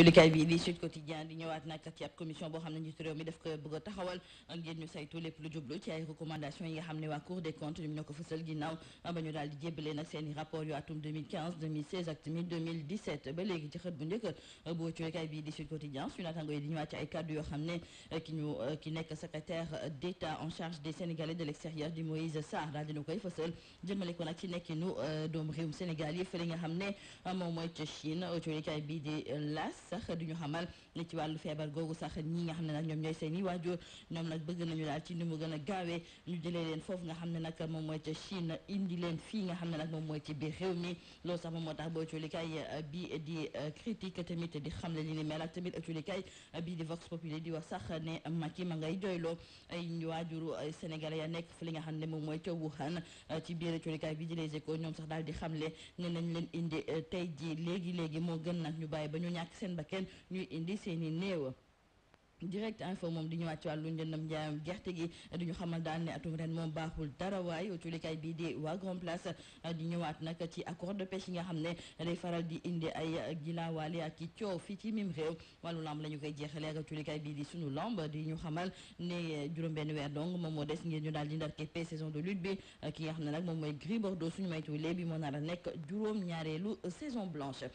jullikaay bi di Sud Quotidien di ñëwaat nag ci ab commission boo xam ne njiitu réew mi daf ko a taxawal ngir ñu saytu lépp lu jublu ci ay recommandation yi nga xam ne waa Cour des comptes ñoom ñoo ko fësal ginnaaw ba ñu daal di jébbalee nag seen i rapport yu atum 2015 ak tamit 2017 ba léegi ci xët bu njëkk bu jullikaay bi di Sud Quotidien suñu yi di ñëwaat ci ay kaddu yoo xam ne ki ñu ki nekk secrétaire d'État en charge des Sénégalais de l'extérieur di sax du ñu xamal ne ci wàllu feebar googu sax ñi nga xam ne nag ñoom ñooy seen i waajur ñoom nag bëgg nañu daal ci ni mu gën a gaawee ñu jëlee leen foofu nga xam ne nag moom mooy ca Chine indi leen fii nga xam ne moom mooy ci biir réew mi loolu sax moom moo tax ba eh, bi di eh, critique tamit xam ne li ni mel ak tamit ëccolikaay eh, bii di di wax sax ne ma ngay doyloo ay waajuru sénégalais ya nekk fi li nga xam ne moom mooy ca Wuhan ci biir ëccolikaay bi di Les Échos ñoom sax daal di xamle ne nañ leen indi tey ji léegi léegi moo gën nag ñu bàyyi ba ñu ñàkk seen bakkan ñuy indi seeni néew direct info moom di ñëwaat ci wàllu njëndam njaayam gerte gi di ñu xamal daal ne atum ren moom baaxul dara waaye cuulikaay bii di waa Grand Place di ñëwaat nag ci accord de pêche yi nga xam ne day faral di indi ay gilaawaale ak i coow fii ci mim réew wàllu lamb la ñu koy jeexalee ak cuulikaay bii di sunu lamb di ñu xamal ne juróom-benn weer donc moom moo des ngir ñu daal di ndar képpee saison de lutte bi ki nga xam ne nag moom mooy Gris Bordeaux bi moo nar a nekk juróom-ñaareelu saison blanche